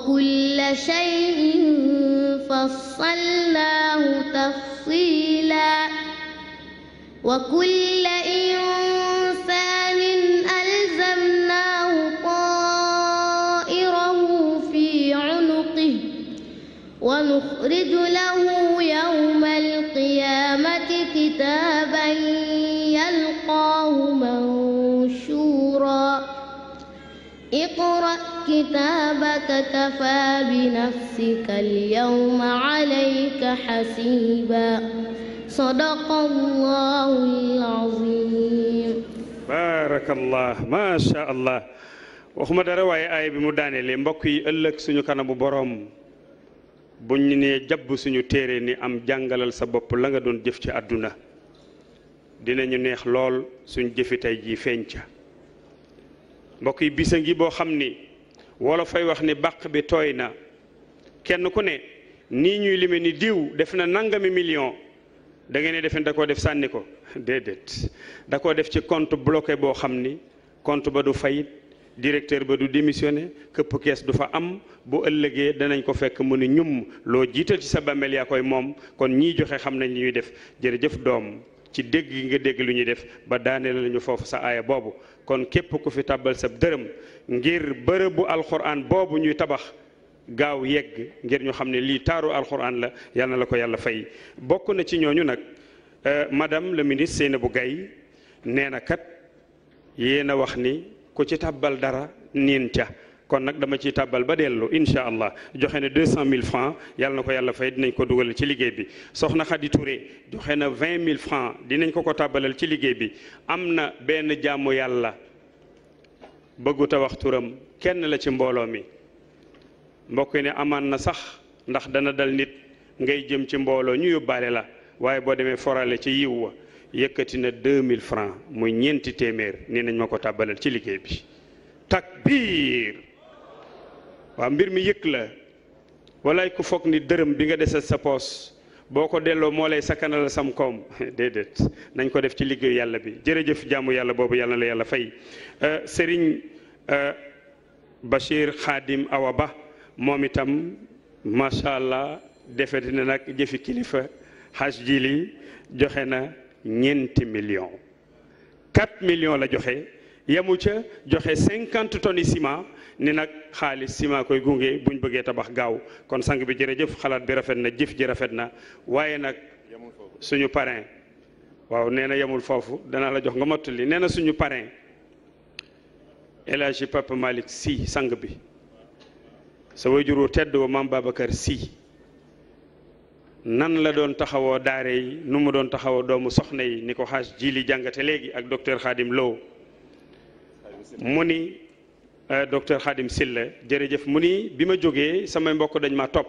وكل شيء فصلناه تفصيلا وكل كفى بنفسك اليوم عليك حسيبا صدق الله العظيم بارك الله ما شاء الله waxuma dara waaye aay bi mu daanelee mbokk yi ëllëg suñu kanamu boroom buñ nee jàpp suñu téere ni am jàngalal sa bopp la nga doon jëf ci àdduna dinañu neex lool suñ jëfi tey jii feeñ ca mbokk yi bisa ngi boo xam ni wala fay wax ni bàq bi tooy na kenn ku ne nii ñuy lime ni diw def na nangami million da ngeen ne da koo def sànni ko déedéet da koo def ci compte bloqué boo xam ni compte ba du fayit directeur ba du démissionné këpp kees du fa am bu ëllëgee danañ ko fekk mu ni ñum loo jiital ci sa bàmmeel yaa koy moom kon ñiy joxe xam nañ li ñuy def jërëjëf doom ci dégg gi nga dégg lu ñuy def ba daaneel lañu foofu sa aaya boobu kon képp ku fi tàbbal sa dërëm ngir bërëbu alxuraan boobu ñuy tabax gaaw yegg ngir ñu xam ne lii taaru alxuraan la yal na la ko yàlla fay bokk na ci ñooñu nag euh, madame la ministre Seynabou Gaye nee na kat yéen a wax ni ku ci tàbbal dara niin ca kon nag dama ciy tàbbal ba dellu incha allah joxe na 200000 francs yàlla na ko yàlla fay dinañ ko dugal ci liggéey bi soxna Khady Touré joxe na mille francs dinañ ko ko tàbbalal ci liggéey bi am na benn jàmmu yàlla bëgguta a wax turam kenn la ci mbooloo mi mbokk yi ne amaan na sax ndax dana dal nit ngay jëm ci mbooloo ñu yóbbaale la waaye boo demee forale ci yiw wa yëkkati na 2000 francs muy ñeenti téeméer ni nañ ma ko tàbbalal ci liggéey bi takbiir waaw mbir mi yëkk la walaay ku foog ni dërëm bi nga desal sa poos boo ko delloo moo lay sakkanal sam koom déedéet nañ ko def ci liggéey yàlla bi jërëjëf jàmm yàlla boobu yàlla la yàlla fay euh, sëriñ euh, Bachir Khadim Awa Ba moom itam macha allah defe dina nag jëfi kilifa xas jili joxe na ñeenti million 4 million la joxe yamu ca joxe cinquante tonnes ciment ni nag xaalis ciment koy gunge buñ bëggee tabax gaaw kon sang bi jërëjëf xalaat bi rafet na jëf ji rafet na waaye nag suñu parrain waaw nee na yemul foofu danaa la jox nga mottali nee na suñu parrain El Hadji Papa Malick Sy sang bi sa wajur wu tedd wa maam Babacar si nan la doon taxawoo daare yi nu mu doon taxawoo doomu soxna yi ni ko jii jili jàngate léegi ak docteur Khadim Lo mu ni euh, docteur Khadim Silla jërëjëf mu ni bi ma jógee samay mbokk dañ ma topp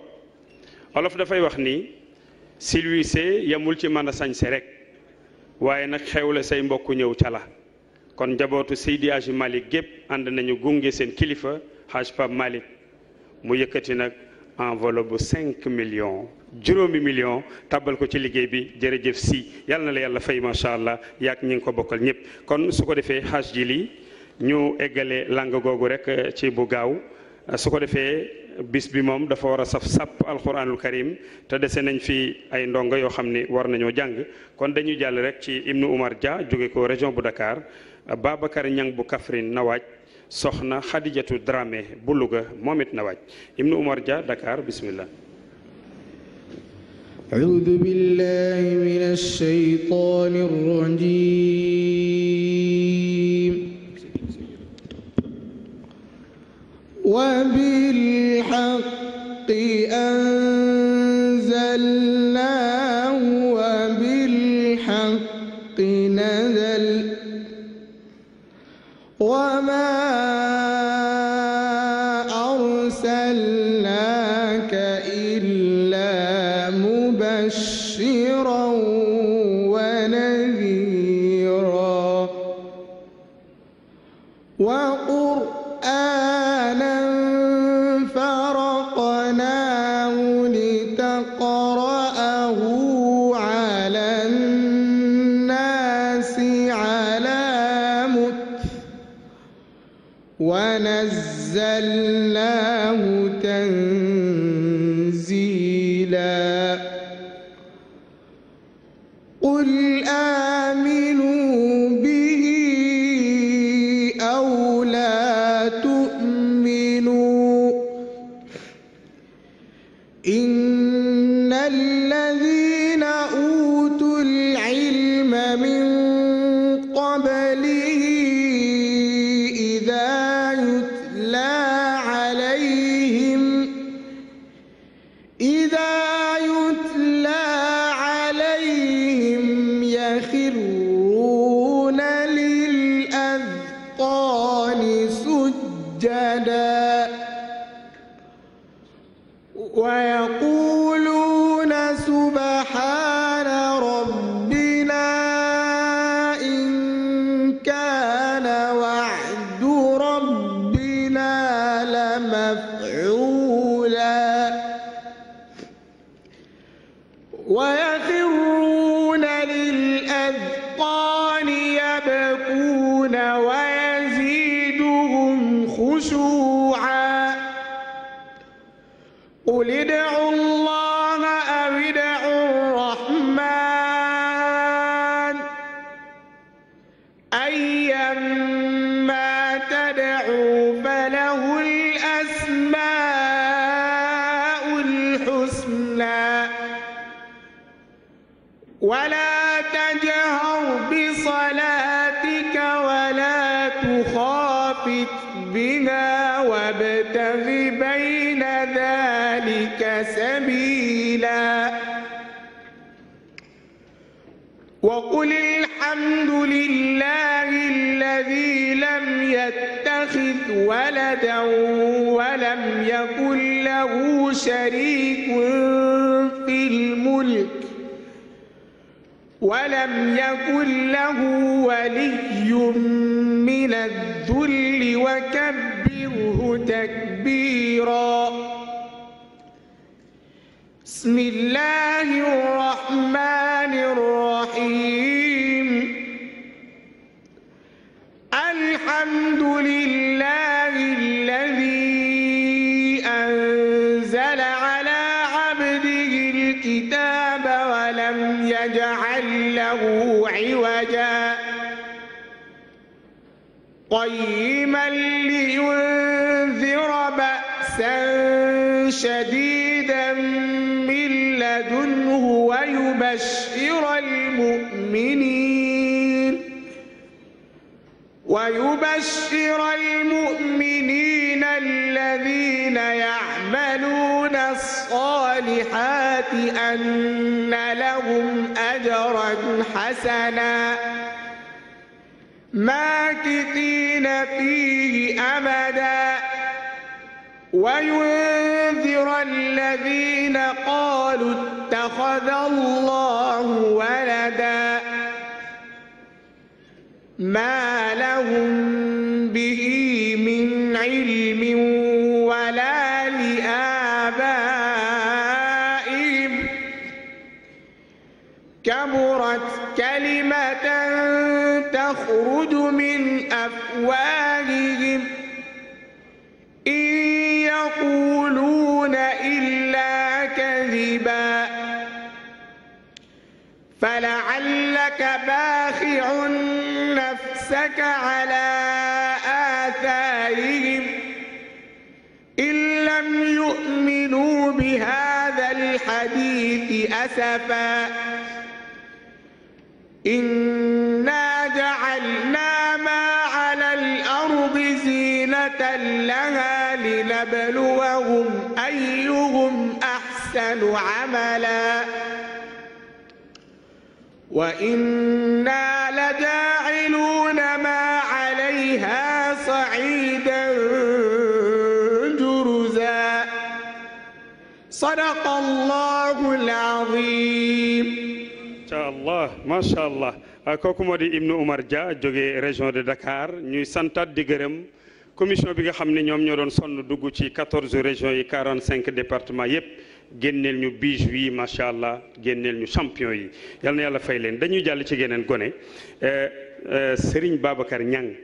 olof dafay wax ni silwise yamul ci mën a sañse rek waaye nag xewle say mbokk ñëw ca la kon njabootu Seydi Hadji Malick gépp ànd nañu gunge seen kilifa Hadj Pape mu yëkkati nag enveloppe bu cinq millions juróomi million tàbbal ko ci liggéey bi jërëjëf si yàlla na la yàlla fay macha allah yaag ñi ngi ko bokkal ñëpp kon su ko defee Hadj ji lii ñu eggale lang googu rek eh, ci bu gaaw eh, su ko defee bis bi moom dafa war a saf sàpp alquranul karim te dese nañ fi ay ndongo yoo xam ni war nañoo jàng kon dañuy jàll rek ci Ibnu Umar Dia jóge ko région bu Dakar Babacar Ñang bu Kaffrine na waaj soxna Xadijatu Dramé bu luga moom it na waaj Ibnu Umar Dia Dakar bismillah أعوذ وبالحق أنزلناه وبالحق نزل وما ونزلنا ذلك سبيلا وقل الحمد لله الذي لم يتخذ ولدا ولم يكن له شريك في الملك ولم يكن له ولي من الذل وكبره تكبيرا بسم الله الرحمن الرحيم الحمد لله الذي أنزل على عبده الكتاب ولم يجعل له عوجا قيما لينذر بأسا شديدا ويبشر المؤمنين ويبشر المؤمنين الذين يعملون الصالحات أن لهم أجرا حسنا ماكثين فيه أبداً وينذر الذين قالوا اتخذ الله ولدا ما لهم به من علم ولا لآبائهم كبرت كلمة تخرج من أفواههم واتبع نفسك على آثارهم إن لم يؤمنوا بهذا الحديث أسفا إنا جعلنا ما على الأرض زينة لها لنبلوهم أيهم أحسن عملاً وإنا لجاعلون ما عليها صعيدا جرزا صدق الله العظيم allah macha allah ah, kooku moo di Ibnu Umar Dia jógee région de Dakar ñuy santaat di gërëm commission bi nga xam ne ñoom ñoo doon sonn dugg ci 14 régions yi 45 départements yépp génneel ñu biis wi macha allah génneel ñu champion yi yal yàlla fay leen dañuy jàll ci geneen gone eh, eh, Serigne Babacar Niang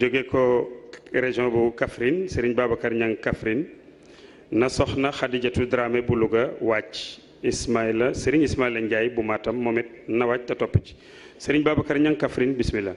jóge ko région bu Kaffrine Serigne Babacar Niang Kaffrine na soxna Khadijatou Dramé bu Louga wàcc Ismaïla Serigne Ismaïla Ndiaye bu Matam moom it na wàcc te topp ci Serigne Babacar Niang Kaffrine bismillah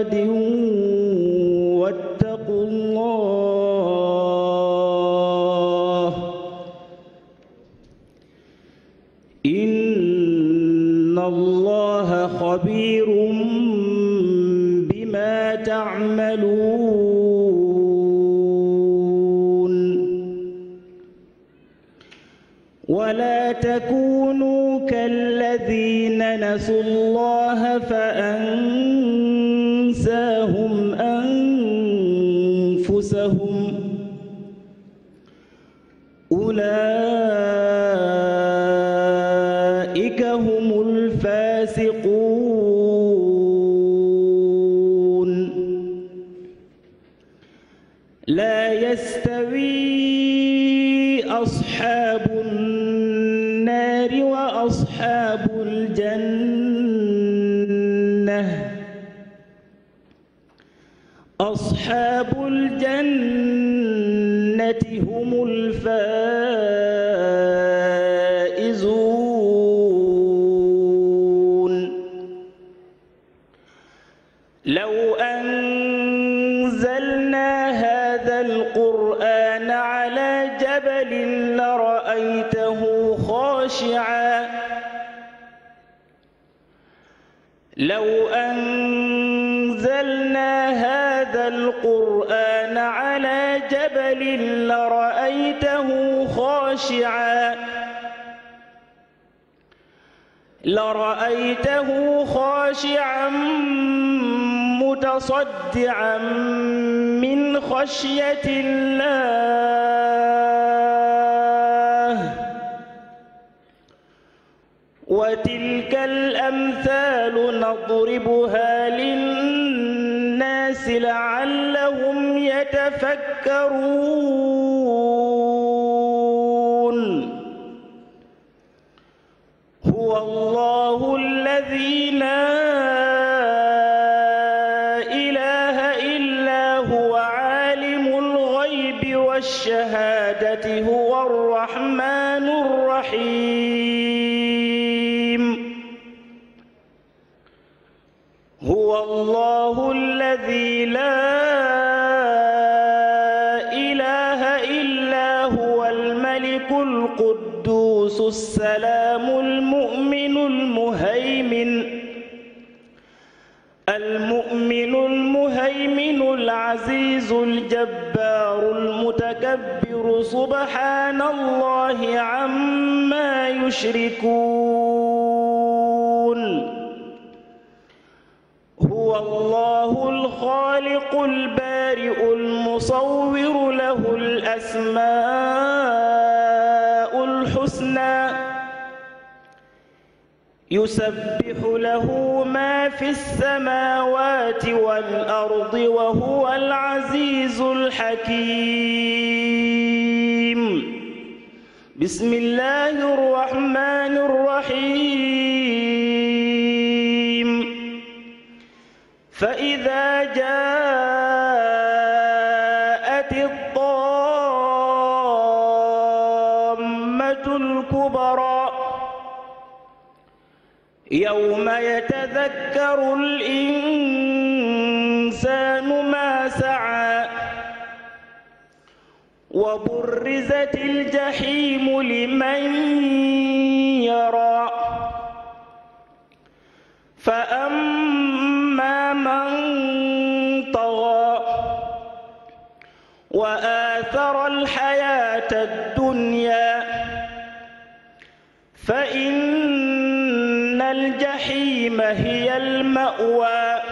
عباد رأيته خاشعا متصدعا من خشية الله وتلك الأمثال نضربها للناس لعلهم يتفكرون السلام المؤمن المهيمن المؤمن المهيمن العزيز الجبار المتكبر سبحان الله عما يشركون هو الله الخالق البارئ المصور له الأسماء يسبح له ما في السماوات والأرض وهو العزيز الحكيم بسم الله الرحمن الرحيم فإذا جاءت الطامة الكبرى يوم يتذكر الإنسان ما سعى وبرزت الجحيم لمن يرى فأما من طغى وآثر الحياة الدنيا فإن الجحيم هي المأوى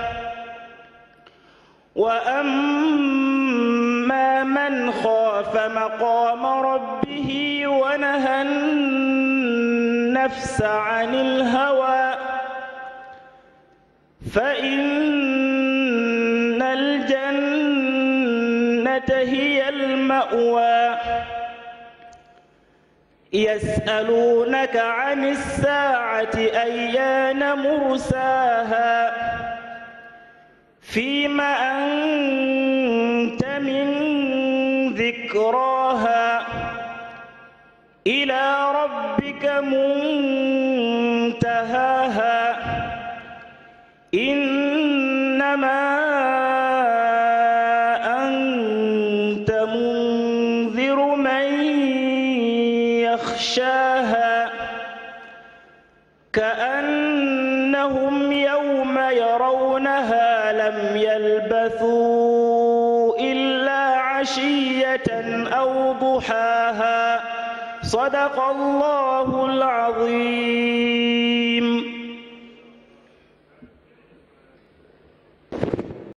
وأما من خاف مقام ربه ونهى النفس عن الهوى فإن الجنة هي المأوى يسألونك عن الساعة أيان مرساها فيم أنت من ذكراها إلى ربك منتهاها إنما صدق الله العظيم